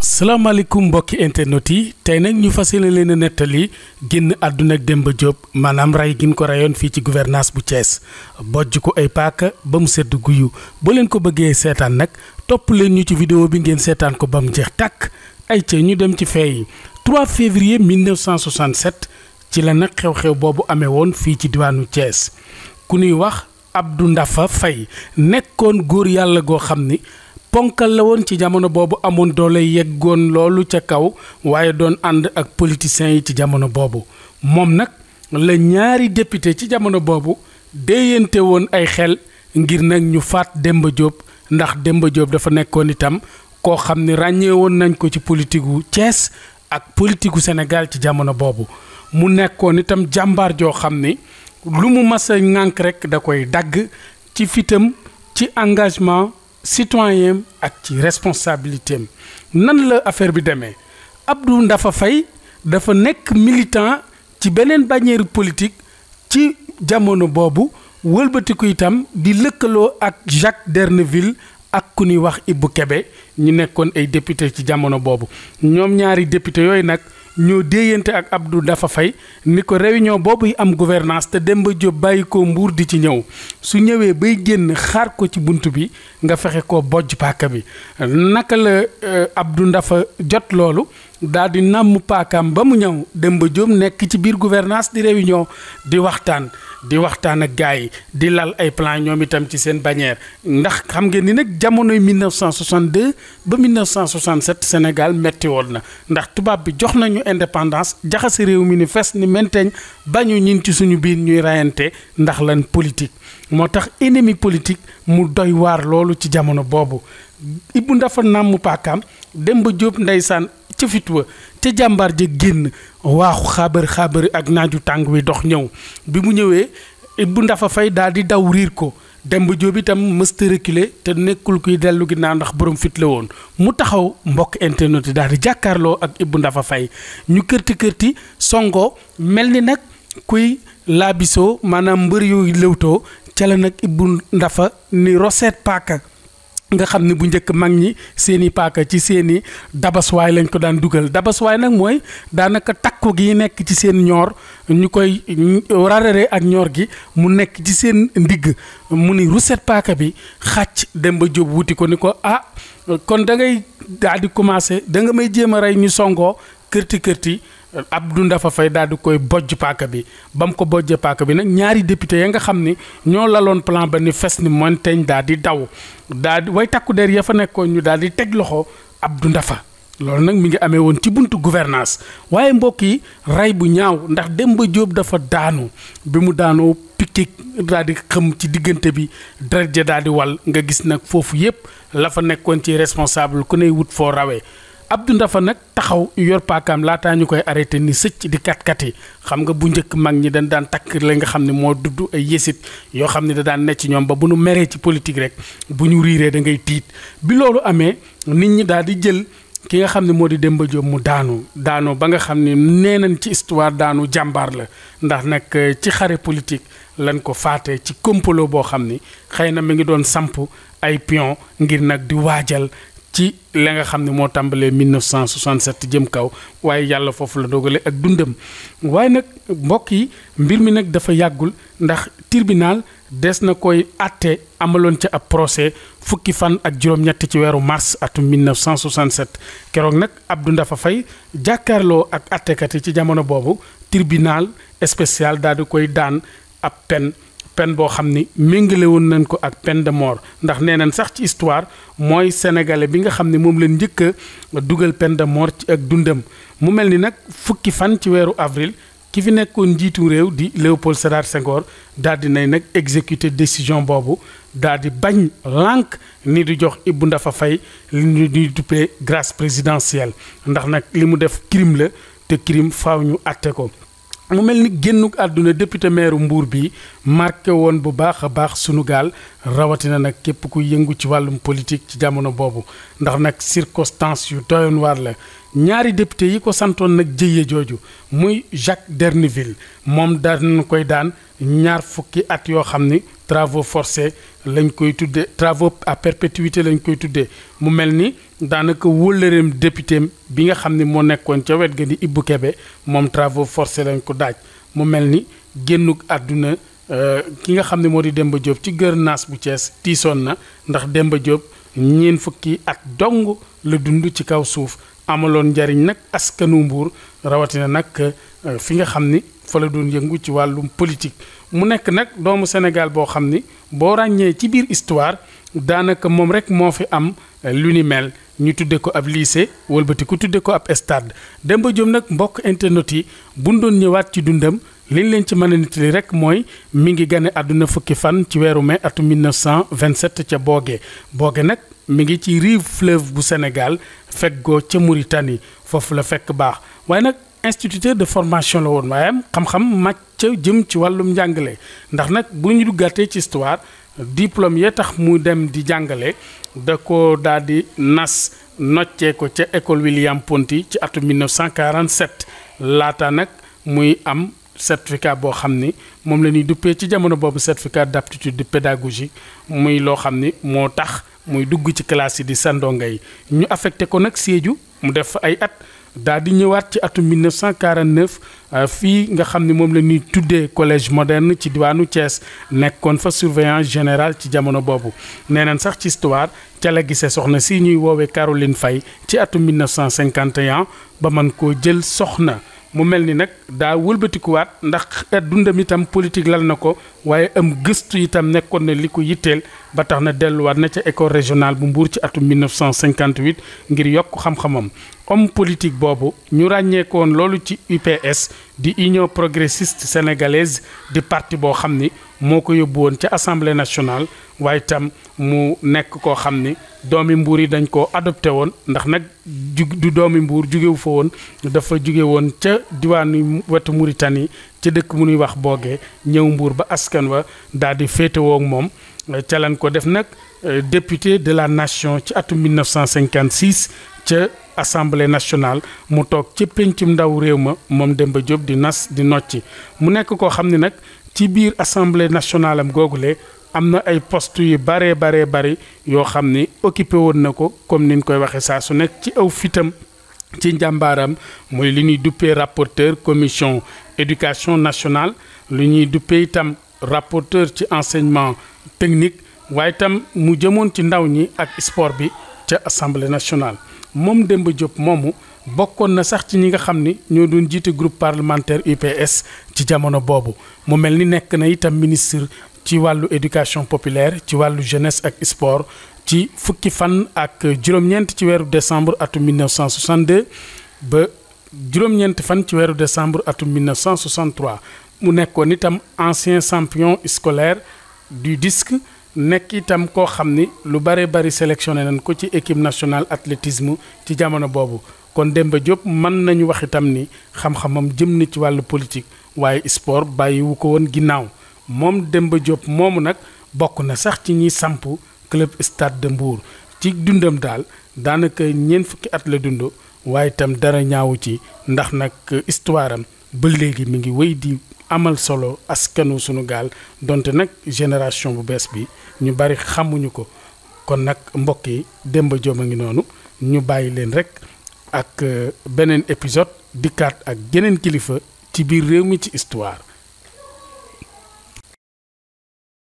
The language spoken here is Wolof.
salaamaaleykum mbokki internet yi tey nag ñu fas yéene leen a nettali génn àdduna ak Demba Diop maanaam rey gin ko reyoon fii ci gouvernance bu Thiès bojj ko ay paaka ba mu sedd guyu boo leen ko bëggee seetaan nag topp leen ñu ci vidéo bi ngeen seetaan ko ba mu jeex tàkk ay ca ñu dem ci fee yi 3 février 1967 ci la nag xew-xew boobu amee woon fii ci diwaanu Thiès ku nuy wax ab du Ndafa Faye nekkoon góor yàlla goo xam ni. ponkal la woon ci jamono boobu amoon doole yeggoon loolu ca kaw waaye doon ànd ak politiciens yi ci jamono boobu moom nag la ñaari député ci jamono boobu déeyante woon ay xel ngir nag ñu faat Demba Diop ndax Demba Diop dafa nekkoon itam koo xam ne ràññee woon nañ ko ci politique gu Thiès ak politique gu ci jamono boobu mu nekkoon itam jàmbaar joo xam ni lu mu mas a rekk da koy dagg ci fitam ci engagement citoyen ak ci responsabilité nan la affaire bi demee Abdou Ndafa fay dafa nekk militant ci beneen bannière politique ci jamono boobu wëlbatiku itam di lëkkaloo ak Jacques Derneville ak ku ñuy wax Ibou kebe ñu nekkoon ay député ci jamono boobu ñoom ñaari député yooyu nag ñoo déyante ak Abdou dafa fay ni ko réunion boobu am gouvernance te dem ba Diop bàyyi ko mbuur di ci ñëw su ñëwee bay génn xaar ko ci bunt bi nga fexe ko bojj paaka bi naka la euh, Abdou Ndafa jot loolu daal di nàmm paakaam ba mu ñëw Demba Diop nekk ci biir gouvernance di ñëw di waxtaan di waxtaan ak gars yi di lal ay plan ñoom itam ci seen bannière ndax xam ngeen ni nag jamonoy 1962 ba 1967 Sénégal metti woon na ndax tubaab bi jox nañu indépendance jaxase réew mi ni fes ni menteeñ bañu ñin ci suñu biir ñuy rayante ndax lan politique moo tax ennemi politique mu doy waar loolu ci jamono boobu Ibou Ndafa nàmm paakaam Demba Diop ndeysaan ca fit wa ca jàmbaar ja génn waaxu xaabar xaabari ak naaju tàng wi dox ñëw bi mu ñëwee Ibbu Ndafa Fay daal di daw riir ko Demba Jóob itam mësta reculer te nekkul kuy dellu gi naa ndax borom fit la woon mu taxaw mbokk internet yi daal di jàkkaarloo ak Ibbu Ndafa Fay ñu kërti kërti songoo mel ni nag kuy laabisoo maanaam mbër yu lëwtoo ca la nag Ibbu Ndafa ni roseet paaka nga xam ne bu njëkk mag ñi seeni paaka ci seen i dabaswaay lañ ko daan dugal dabaswaay nag mooy daanaka takku gi nekk ci seen ñoor ñu koy rarare ak ñoor gi mu nekk ci seen ndigg mu ni ruset paaka bi xàcc dem ba jóob wuti ko ni ko ah kon da ngay daal di commencé da nga may jéem a rey ñu songoo kërti kërti Abdou Ndafa fay daal di koy bojj paaka bi ba mu ko bojjee paaka bi nag ñaari député ya nga xam ni ñoo laloon plan ba ni fes ni monteñ daal di daw daal di way takku der ya fa nekkoon ñu daal di teg loxo Abdou Ndafa loolu nag mi ngi amee woon ci buntu gouvernance waaye mbokk yi rey bu ñaaw ndax Demba Diop dafa daanu bi mu daanoo piquet daal di xëm ci diggante bi deret ja daal di wal nga gis nag foofu yépp la fa nekkoon ci responsable ku ne wut foo rawee Abdou Ndafa nag taxaw yor paakaam laataa ñu koy arrêté ni sëcc di kat yi xam nga bu njëkk mag ñi dañ daan takk li nga xam ne moo dudd ay yësit yoo xam ne da daan necc ñoom ba bu nu meree ci politique rek bu ñu riiree da ngay tiit bi loolu amee nit ñi daal di jël ki nga xam ne moo di Demba Diop mu daanu daanu ba nga xam ne nee nañ ci histoire daanu jàmbaar la ndax nag euh, ci xare politique lañ ko faate ci complot boo xam ni xëy na mi ngi doon samp ay pion ngir nag di waajal ci la nga xam ne moo tàmbalee 1967 jëm kaw waaye yàlla foofu la dogale ak dundam waaye nag mbokk yi mbir mi nag dafa yàggul ndax tribunal des na koy àtte amaloon ca ab procès fukki fan ak juróom-ñett ci weeru mars atum 1967 keroog nag Abdou Ndafa Faye jàkkaarloo ak àttekat yi ci jamono boobu tribunal spécial daal di koy daan ab pen pen boo xam ni méngale woon nañ ko ak peine de mort ndax nee nañ sax ci histoire mooy sénégalais bi nga xam ne moom leen njëkk a dugal peine de mort ci ak dundam mu mel ni nag fukki fan ci weeru avril ki fi nekkoon njiitu réew di Léopold Sédar Senghor daal di nay nag exécuter décision boobu daal di bañ lànk ni du jox Ibou Ndafa Faye li ñu di duppee grâce présidentielle ndax nag li mu def crime la te crime faw ñu àtte ko. mu mel ni génnuk àdduna député maire mbuur bi marqué woon bu baax a baax sunu gaal rawatina nag képp ku yëngu ci wàllum politique ci jamono boobu ndax nag circonstance yu doyoon waar la ñaari député yi ko santoon nag jëye jooju muy Jacques Derneville moom daan koy daan ñaar fukki at yoo xam ni travaux forcés lañ koy tuddee travaux à perpétuité lañ koy tuddee mu mel ni daanaka wóllëreem député bi nga xam ne moo nekkoon ca wet ga ni Ibou Kébé moom travaux forcés lañ ko daaj mu mel ni génnug àdduna euh, ki nga xam ne moo di Demba Diop ci gouvernance bu cees tiisoon na ndax Demba Diop ñeen fukki at dong la dund ci kaw suuf amaloon njariñ nag askanu Mbuur rawatina nag euh, fi nga xam ni fa la doon yëngu ci wàllum politique mu nekk nag doomu Sénégal boo xam ni boo ràññee ci biir histoire daanaka moom rek moo fi am euh, lu ni mel ñu tudde ko ab lycée wëlbati ku tudde ko ab stade Demba jom nag mbokk internet yi buñ doon ñëwaat ci dundam liñ leen ci mën a nettali rek mooy mi ngi gane àdduna fukki fan ci weeru mai atum 1927 ca booge booge nag mi ngi ci rive fleuve bu Sénégal feggoo ca Mauritanie foofu la fekk baax waaye nag instituteur de formation la woon maanaam xam-xam màcc jëm ci wàllum njàngale ndax nag bu ñu duggatee ci histoire diplôme ya tax mu dem di jàngale da ko daal di nas noccee ko ca école William Ponty ci atum 1947 laata nag muy am certificat boo xam ni moom la ñuy duppee ci jamono boobu certificat d'aptitude pédagogique muy loo xam ni moo tax muy dugg ci classe yi di sandonga yi ñu affecté ko nag Sédhiou mu def ay at. daal di ñëwaat ci atum 1949 euh, fii nga xam ni moom la ñuy tuddee collège moderne ci diwaanu Thiès nekkoon fa surveillant général ci jamono boobu nee nañ sax ci histoire ca la gise soxna si ñuy woowee Caroline fay ci atum 1951 ba mën koo jël soxna. mu mel ni nag daa wëlbatikuwaat ndax dundam itam politique lal na ko waaye am gëstu itam nekkoon na li ko yitteel ba tax na delluwaat na ca école régionale bu mbuur ci atum 1958 ngir yokk xam-xamam homme politique boobu ñu ràññeekoon loolu ci UPS di Union progressiste sénégalaise di partie boo xam ni moo ko yóbbu woon ca assemblée nationale waaye itam mu nekk koo xam ni doomi mbuur yi dañ koo adopté woon ndax nag du doomi mbuur jugewu fa woon dafa jóge woon ca diwaanu wetu muritani ca dëkk mu nuy wax boogee ñëw mbuur ba askan wa daal di féetewoo ak moom ca lañ ko def nag euh, député de la nation ci atum 1956 ca assemblée nationale mu toog ci péncum ndaw réew ma moom Demba Diop di nas di nocci mu nekk koo xam ni nag ci biir assemblée nationale am googu googule am na ay poste yu baree baree bari yoo xam ni occupé woon na ko comme ni ñu koy waxee saa su nekk ci aw fitam ci njàmbaaram mooy li ñuy duppee rapporteur commission éducation nationale li ñuy duppee itam rapporteur ci enseignement technique waaye itam mu jëmoon ci ndaw ñi ak sport bi ca assemblée nationale moom Demba Diop moomu bokkoon na sax ci ñi nga xam ni ñoo doon jiite groupe parlementaire UPS ci jamono boobu mu mel ni nekk na itam ministre ci wàllu éducation populaire ci wàllu jeunesse ak sport ci fukki fan ak juróom ci weeru décembre atum 1962 ba juróom fan ci weeru décembre atum 1963 mu nekkoon itam ancien champion scolaire du disque nekk itam koo xam ni lu bare bari sélectionné nañ ko ci équipe nationale athlétisme ci jamono boobu kon Demba Diop mën nañu wax itam ni xam-xamam jëm na ci wàllu politique waaye sport bàyyiwu ko woon ginnaaw moom Demba Diop moomu nag bokk na sax ci ñiy samp club Stade de Mbour ci dundam daal daanaka ñeent fukki at la dund waaye itam dara ñaawu ci ndax nag histoire ba léegi mu ngi wéy di amal solo askanu sunu gaal donte nag génération bu bees bi ñu bari xamuñu ko kon nag mbokk yi Demba Diop a ngi noonu ñu bàyyi leen rek. ak euh, beneen épisode dikkaat ak geneen kilifa ci biir réew mi ci histoire